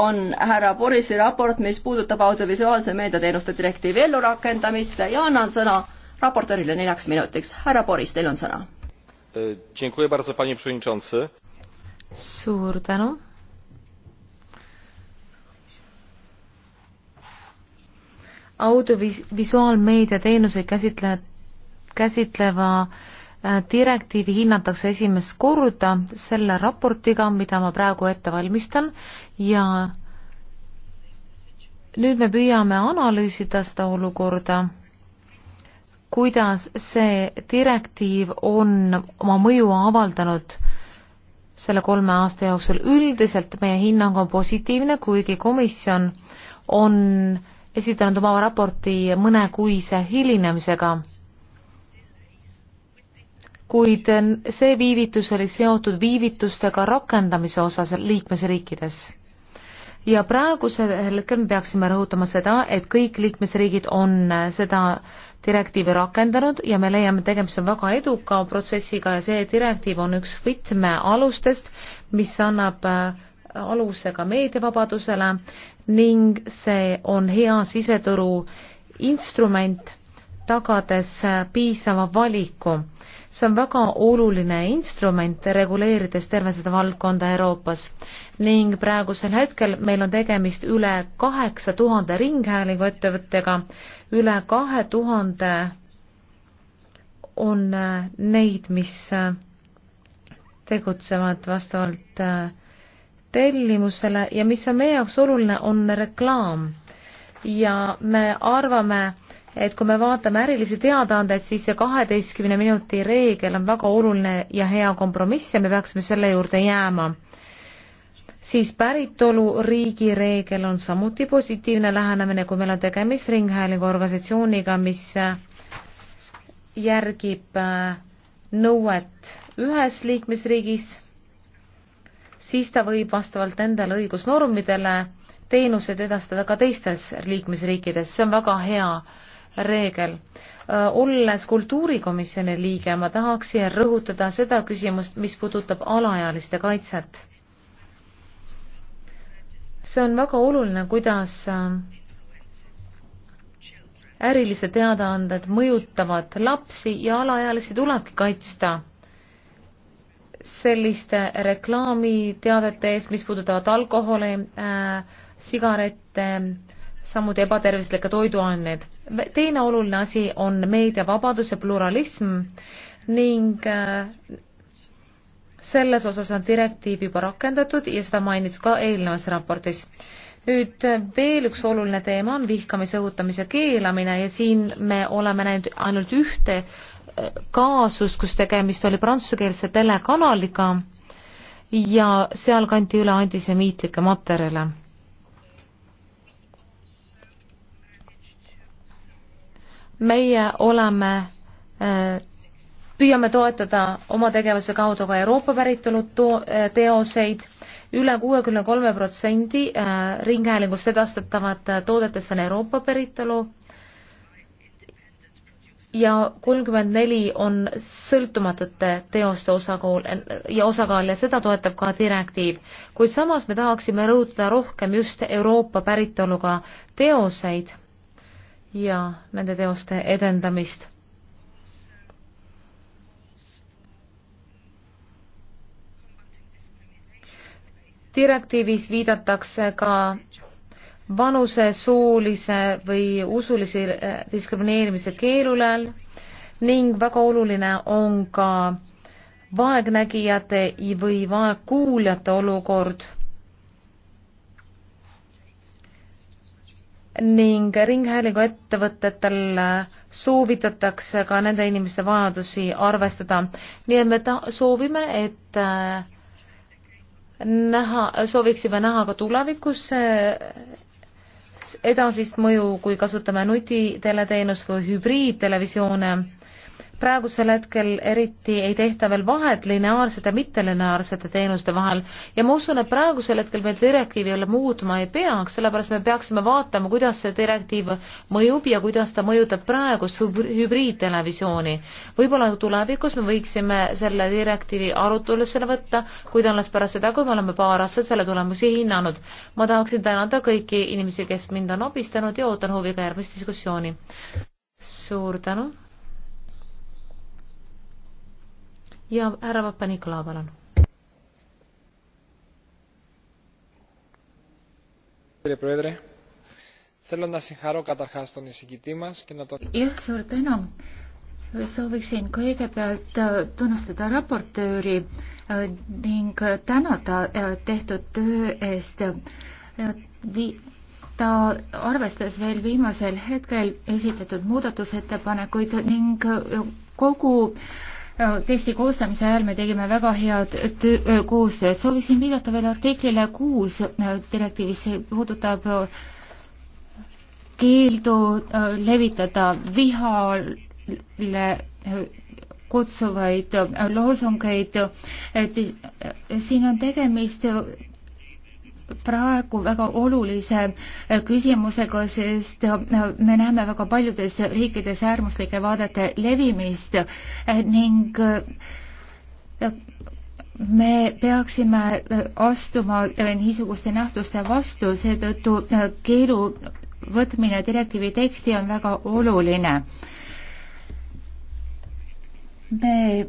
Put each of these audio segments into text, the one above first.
on härra Borisi raport, mis puudutab audiovisuaalse meediateenuste direktiivi ellurakendamist ja annan sõna raportöörile neljaks minutiks. härra Boris, teil on sõna. suur tänu. audiovisuaalmeedia teenuseid käsitle-, käsitleva Äh, direktiivi hinnatakse esimest korda selle raportiga, mida ma praegu ette valmistan ja nüüd me püüame analüüsida seda olukorda, kuidas see direktiiv on oma mõju avaldanud selle kolme aasta jooksul. üldiselt meie hinnang on positiivne, kuigi komisjon on esitanud oma raporti mõnekuise hilinemisega kuid see viivitus oli seotud viivitustega rakendamise osas liikmesriikides. ja praegusel hetkel me peaksime rõhutama seda, et kõik liikmesriigid on seda direktiivi rakendanud ja me leiame, tegemist on väga eduka protsessiga ja see direktiiv on üks võtmealustest, mis annab äh, aluse ka meediavabadusele ning see on hea siseturu instrument, tagades äh, piisava valiku see on väga oluline instrument, reguleerides terve seda valdkonda Euroopas ning praegusel hetkel meil on tegemist üle kaheksa tuhande ringhäälingu ettevõttega, üle kahe tuhande on äh, neid, mis äh, tegutsevad vastavalt äh, tellimusele ja mis on meie jaoks oluline, on reklaam. ja me arvame, et kui me vaatame ärilisi teadaandeid, siis see kaheteistkümne minuti reegel on väga oluline ja hea kompromiss ja me peaksime selle juurde jääma. siis päritoluriigi reegel on samuti positiivne lähenemine, kui meil on tegemist Ringhäälingu organisatsiooniga, mis äh, järgib äh, nõuet ühes liikmesriigis, siis ta võib vastavalt nendele õigusnormidele teenused edastada ka teistes liikmesriikides, see on väga hea reegel. olles kultuurikomisjoni liige, ma tahaksin rõhutada seda küsimust, mis puudutab alaealiste kaitset. see on väga oluline, kuidas ärilised teadaanded mõjutavad lapsi ja alaealisi tulebki kaitsta selliste reklaamiteadete eest, mis puudutavad alkoholi äh,, sigarette, samuti ebatervislikke toiduaineid teine oluline asi on meediavabadus ja pluralism ning äh, selles osas on direktiiv juba rakendatud ja seda mainitud ka eelnevas raportis. nüüd äh, veel üks oluline teema on vihkamise õhutamise keelamine ja siin me oleme näinud ainult ühte äh, kaasust, kus tegemist oli prantsusekeelse telekanaliga ja seal kanti üle antisemiitlikke materjale meie oleme, äh, püüame toetada oma tegevuse kaudu ka Euroopa päritolu äh, teoseid üle kuuekümne kolme protsendi äh, ringhäälingust edastatavat toodetest on Euroopa päritolu ja kolmkümmend neli on sõltumatute teoste osakaal ja osakaal ja seda toetab ka direktiiv. kuid samas me tahaksime rõhutada rohkem just Euroopa päritoluga teoseid ja nende teoste edendamist. direktiivis viidatakse ka vanuse, soolise või usulise diskrimineerimise keelule ning väga oluline on ka vaegnägijate või vaegkuuljate olukord ning Ringhäälingu ettevõtetel soovitatakse ka nende inimeste vajadusi arvestada. nii et me ta-, soovime, et äh, näha, sooviksime näha ka tulevikus äh, edasist mõju, kui kasutame nutiteleteenust või hübriidtelevisioone praegusel hetkel eriti ei tehta veel vahet lineaarsete ja mittelineaarsete teenuste vahel ja ma usun, et praegusel hetkel me direktiivi jälle muutma ei peaks, sellepärast me peaksime vaatama, kuidas see direktiiv mõjub ja kuidas ta mõjutab praegust hübriidtelevisiooni. võib-olla tulevikus me võiksime selle direktiivi arutelusele võtta, kuid alles pärast seda, kui me oleme paar aastat selle tulemusi hinnanud. ma tahaksin tänada kõiki inimesi, kes mind on abistanud ja ootan huviga järgmist diskussiooni. suur tänu! ja härra Papa-Nikola, palun. jah, suur tänu. sooviksin kõigepealt äh, tunnustada raportööri äh, ning äh, tänada tehtud töö eest ta arvestas veel viimasel hetkel esitatud muudatusettepanekuid ning kogu äh, teksti koostamise ajal me tegime väga head koostööd. sooviksin viidata veel artiklile kuus direktiivis, see puudutab keeldu levitada vihale kutsuvaid loosungeid, et siin on tegemist praegu väga olulise eh, küsimusega, sest eh, me näeme väga paljudes riikides äärmuslike vaadete levimist eh, ning me peaksime astuma niisuguste nähtuste vastu, seetõttu keelu võtmine direktiivi teksti on väga oluline. me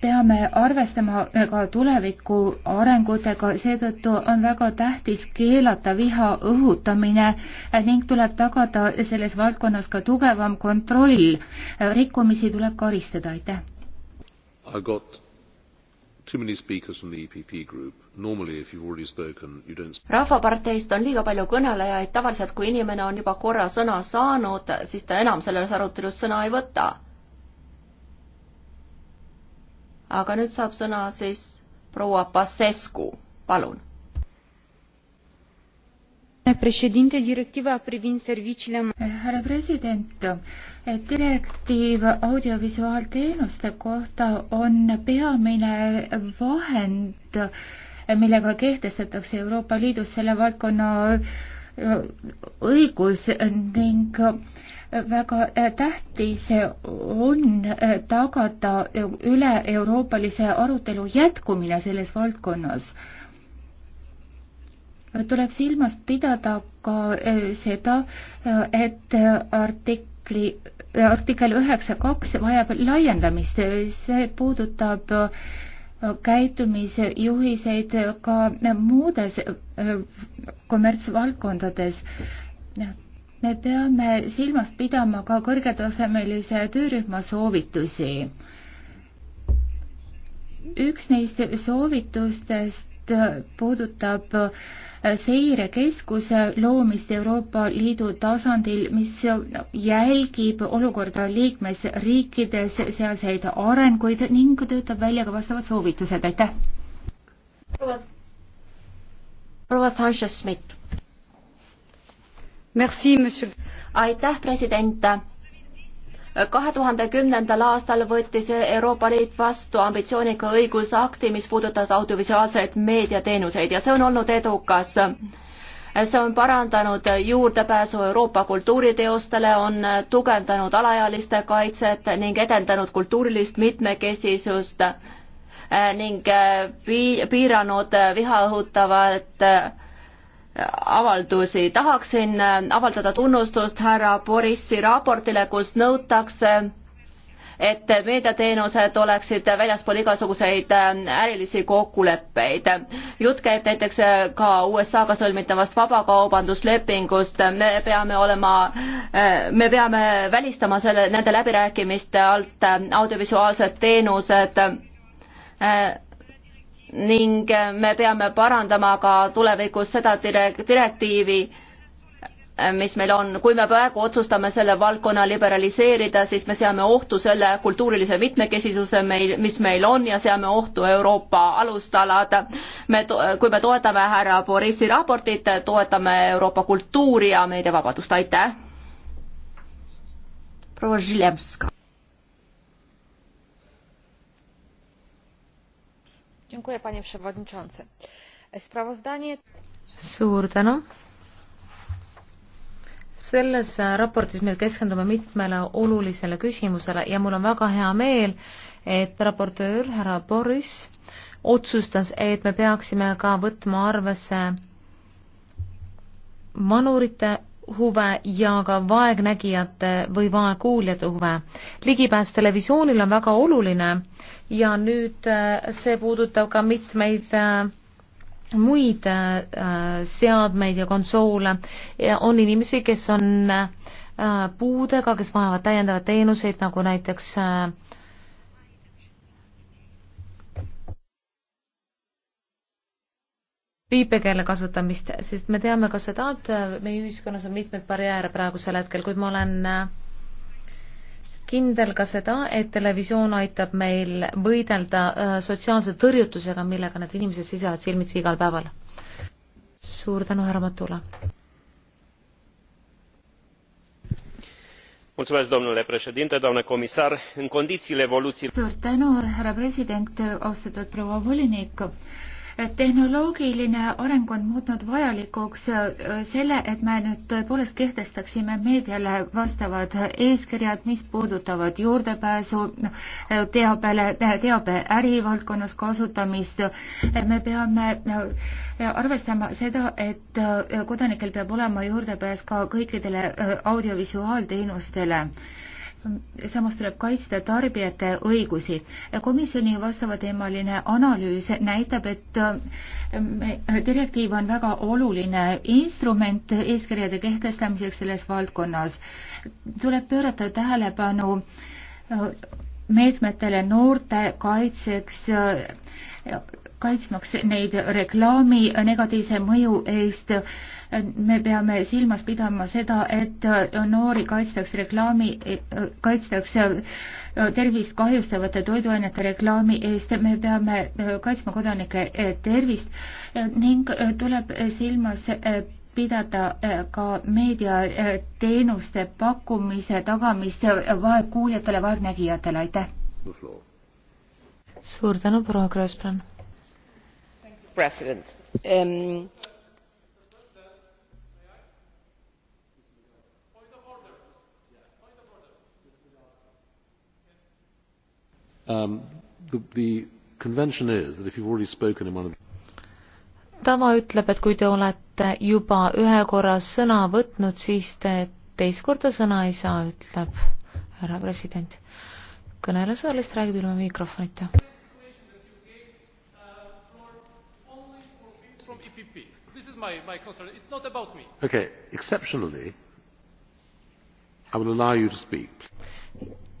peame arvestama ka tuleviku arengutega, seetõttu on väga tähtis keelata viha õhutamine ning tuleb tagada selles valdkonnas ka tugevam kontroll. rikkumisi tuleb karistada, aitäh. E rahvaparteist on liiga palju kõnelejaid, tavaliselt kui inimene on juba korra sõna saanud, siis ta enam selles arutelus sõna ei võta aga nüüd saab sõna siis proua Pasescu, palun. Eh, härra president, eh, direktiiv audiovisuaalteenuste kohta on peamine vahend, eh, millega kehtestatakse Euroopa Liidus selle valdkonna õigus ning äh, väga äh, tähtis on äh, tagada üle-euroopalise arutelu jätkumine selles valdkonnas. tuleb silmas pidada ka äh, seda, et artikli artikkel üheksa kaks vajab laiendamist, see puudutab käitumisjuhiseid ka muudes kommertsvaldkondades me peame silmas pidama ka kõrgetasemelise töörühma soovitusi. üks neist soovitustest puudutab seirekeskuse loomist Euroopa Liidu tasandil, mis jälgib olukorda liikmesriikides, sealseid arenguid ning töötab välja ka vastavad soovitused, aitäh! proua Sanchez-Smith aitäh, president kahe tuhande kümnendal aastal võttis Euroopa Liit vastu ambitsioonika õigusakti, mis puudutab audiovisuaalseid meediateenuseid ja see on olnud edukas. see on parandanud juurdepääsu Euroopa kultuuriteostele, on tugevdanud alaealiste kaitset ning edendanud kultuurilist mitmekesisust ning piiranud viha õhutavat avaldusi. tahaksin äh, avaldada tunnustust härra Borissi raportile, kus nõutakse et meediateenused oleksid väljaspool igasuguseid äh, ärilisi kokkuleppeid. jutt käib näiteks äh, ka USA-ga sõlmitavast vabakaubanduslepingust, me peame olema, me peame välistama selle, nende läbirääkimiste alt audiovisuaalsed teenused ning me peame parandama ka tulevikus seda direktiivi, mis meil on. kui me praegu otsustame selle valdkonna liberaliseerida, siis me seame ohtu selle kultuurilise mitmekesisuse meil, mis meil on ja seame ohtu Euroopa alustalad. me, kui me toetame härra Borissi raportit, toetame Euroopa kultuuri ja meediavabadust, aitäh! proua Žilevska panie przewodniczący! sprawozdanie. suur tänu. selles raportis me keskendume mitmele olulisele küsimusele ja mul on väga hea meel, et raportöör härra Boris otsustas, et me peaksime ka võtma arvesse vanurite huve ja ka vaegnägijate või vaegkuuljate huve. ligipääs televisioonile on väga oluline ja nüüd äh, see puudutab ka mitmeid äh, muid äh, seadmeid ja konsoole. on inimesi, kes on puudega, kes vajavad täiendavaid teenuseid, nagu näiteks viipekeele kasutamist, sest me teame ka seda, et meie ühiskonnas on mitmeid barjääre praegusel hetkel, kuid ma olen äh, kindel ka seda, et televisioon aitab meil võidelda äh, sotsiaalse tõrjutusega, millega need inimesed seisavad silmitsi igal päeval. suur tänu, härra Matula. domnule președinte doamnă comisar în condițiile evoluției. suur tänu, härra president, austatud proua volinik tehnoloogiline areng on muutnud vajalikuks äh, selle, et me nüüd tõepoolest kehtestaksime meediale vastavad eeskirjad, mis puudutavad juurdepääsu äh, teabele, äh, teabe ärivaldkonnas kasutamist. me peame arvestama seda, et kodanikel peab olema juurdepääs ka kõikidele audiovisuaalteenustele samas tuleb kaitsta tarbijate õigusi. komisjoni vastavateemaline analüüs näitab, et äh, direktiiv on väga oluline instrument eeskirjade kehtestamiseks selles valdkonnas. tuleb pöörata tähelepanu äh, meetmetele noorte kaitseks äh, kaitsmaks neid reklaami negatiivse mõju eest, me peame silmas pidama seda, et noori kaitstakse reklaami, kaitstakse tervist kahjustavate toiduainete reklaami eest, me peame kaitsma kodanike tervist ning tuleb silmas pidada ka meediateenuste pakkumise tagamist vaegkuuljatele, vaegnägijatele, aitäh! suur tänu, proua Krossmann! president um, um, tava ütleb et kui te olete juba ühe korra sõna võtnud siis te teist korda sõna ei saa ütleb härra president kõneleja saalist räägib ilma mikrofonita my, my concern. It's not about me. Okay. Exceptionally, I will allow you to speak.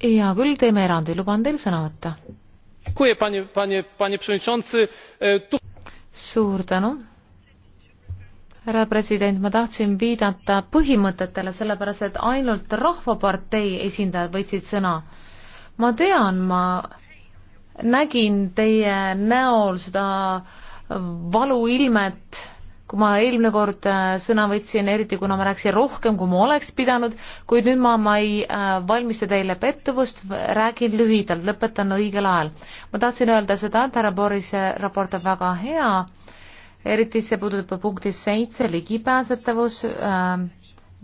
hea küll, teeme erandi, luban teil sõna võtta. E, suur tänu härra president, ma tahtsin viidata põhimõtetele, sellepärast et ainult Rahvapartei esindajad võtsid sõna. ma tean, ma nägin teie näol seda valuilmet kui ma eelmine kord äh, sõna võtsin, eriti kuna ma rääkisin rohkem, kui ma oleks pidanud, kuid nüüd ma, ma ei äh, valmista teile pettuvust, räägin lühidalt, lõpetan õigel ajal. ma tahtsin öelda seda, et härra Borise äh, raport on väga hea, eriti see puudutab punkti seitse, ligipääsetavus,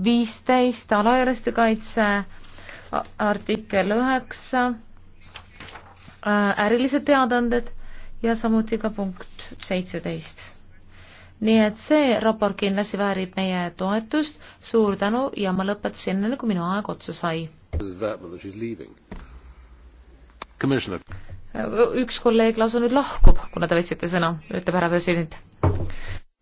viisteist, alaealiste kaitse, artikkel üheksa, ärilised teadaanded ja samuti ka punkt seitseteist nii et see raport kindlasti väärib meie toetust, suur tänu ja ma lõpetasin enne, kui minu aeg otsa sai. üks kolleeg lausa nüüd lahkub, kuna te võtsite sõna, ütleb härra president.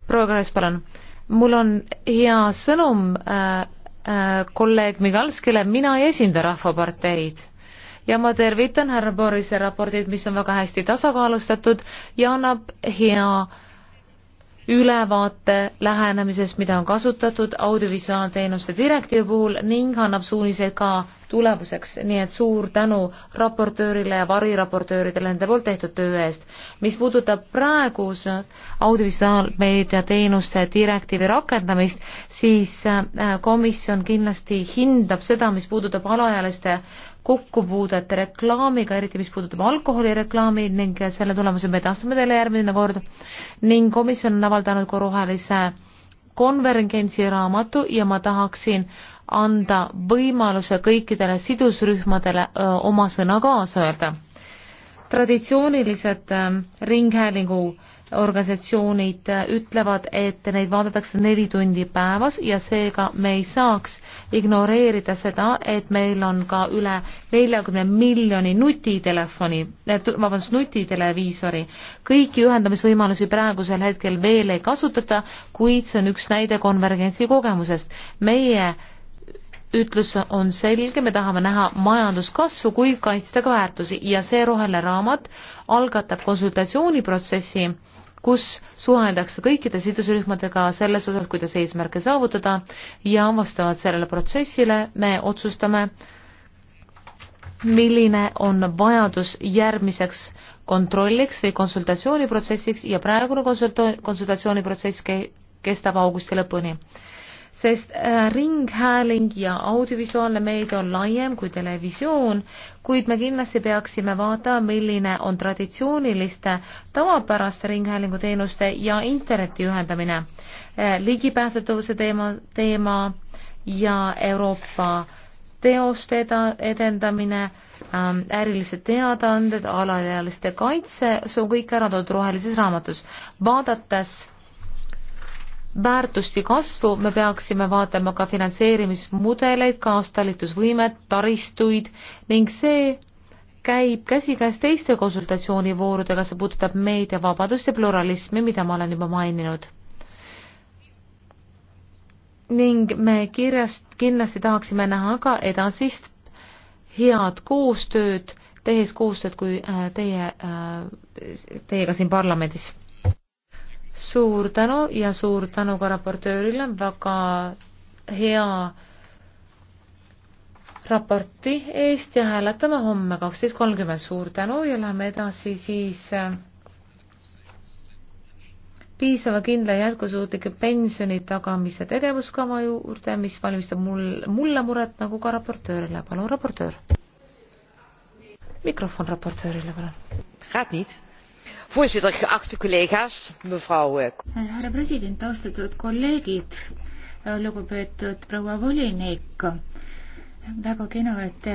proua Kares, palun. mul on hea sõnum äh, äh, kolleeg Migalskile, mina ei esinda Rahvaparteid ja ma tervitan härra Borise raportit, mis on väga hästi tasakaalustatud ja annab hea äh, ülevaate lähenemisest, mida on kasutatud audiovisuaalteenuste direktiivi puhul ning annab suuniseid ka tulevuseks, nii et suur tänu raportöörile ja variraportööridele nende poolt tehtud töö eest. mis puudutab praeguse audiovisuaalmeedia teenuste direktiivi rakendamist, siis äh, komisjon kindlasti hindab seda, mis puudutab alaealiste kokkupuudet reklaamiga, eriti mis puudutab alkoholireklaami ning selle tulemuse me edastame teile järgmine kord ning komisjon on avaldanud ka rohelise konvergentsi raamatu ja ma tahaksin anda võimaluse kõikidele sidusrühmadele öö, oma sõna kaasa öelda. traditsioonilised öö, ringhäälingu öö, organisatsioonid äh, ütlevad, et neid vaadatakse neli tundi päevas ja seega me ei saaks ignoreerida seda, et meil on ka üle neljakümne miljoni nutitelefoni, äh, vabandust, nutiteleviisori. kõiki ühendamisvõimalusi praegusel hetkel veel ei kasutata, kuid see on üks näide konvergentsi kogemusest. meie ütlus on selge, me tahame näha majanduskasvu, kuid kaitsta ka väärtusi ja see roheline raamat algatab konsultatsiooniprotsessi kus suheldakse kõikide sidusrühmadega selles osas, kuidas eesmärke saavutada ja vastavalt sellele protsessile me otsustame, milline on vajadus järgmiseks kontrolliks või konsultatsiooniprotsessiks ja praegune konsulta-, konsultatsiooniprotsess kestab augusti lõpuni sest äh, ringhääling ja audiovisuaalne meedia on laiem kui televisioon, kuid me kindlasti peaksime vaatama, milline on traditsiooniliste tavapäraste ringhäälinguteenuste ja interneti ühendamine, äh, ligipääsetavuse teema, teema ja Euroopa teoste eda-, edendamine, ähm, ärilised teadaanded, alaealiste kaitse, see on kõik ära toodud rohelises raamatus. vaadates väärtuste kasvu me peaksime vaatama ka finantseerimismudeleid, kaastalitusvõimet, taristuid ning see käib käsikäes teiste konsultatsioonivoorudega, see puudutab meediavabadust ja pluralismi, mida ma olen juba maininud. ning me kirjast kindlasti tahaksime näha ka edasist head koostööd, tehes koostööd kui äh, teie, äh, teiega siin parlamendis suur tänu ja suur tänu ka raportöörile väga hea raporti eest ja hääletame homme kaksteist kolmkümmend. suur tänu ja läheme edasi siis äh, piisava kindla jätkusuutliku pensioni tagamise tegevuskava juurde, mis valmistab mul, mulle muret nagu ka raportöörile. palun, raportöör. mikrofon raportöörile, palun. Gaat niet voorzitter geachte collega's mevrouw eh, härra president austatud kolleegid lugupeetud proua volinik väga kena et te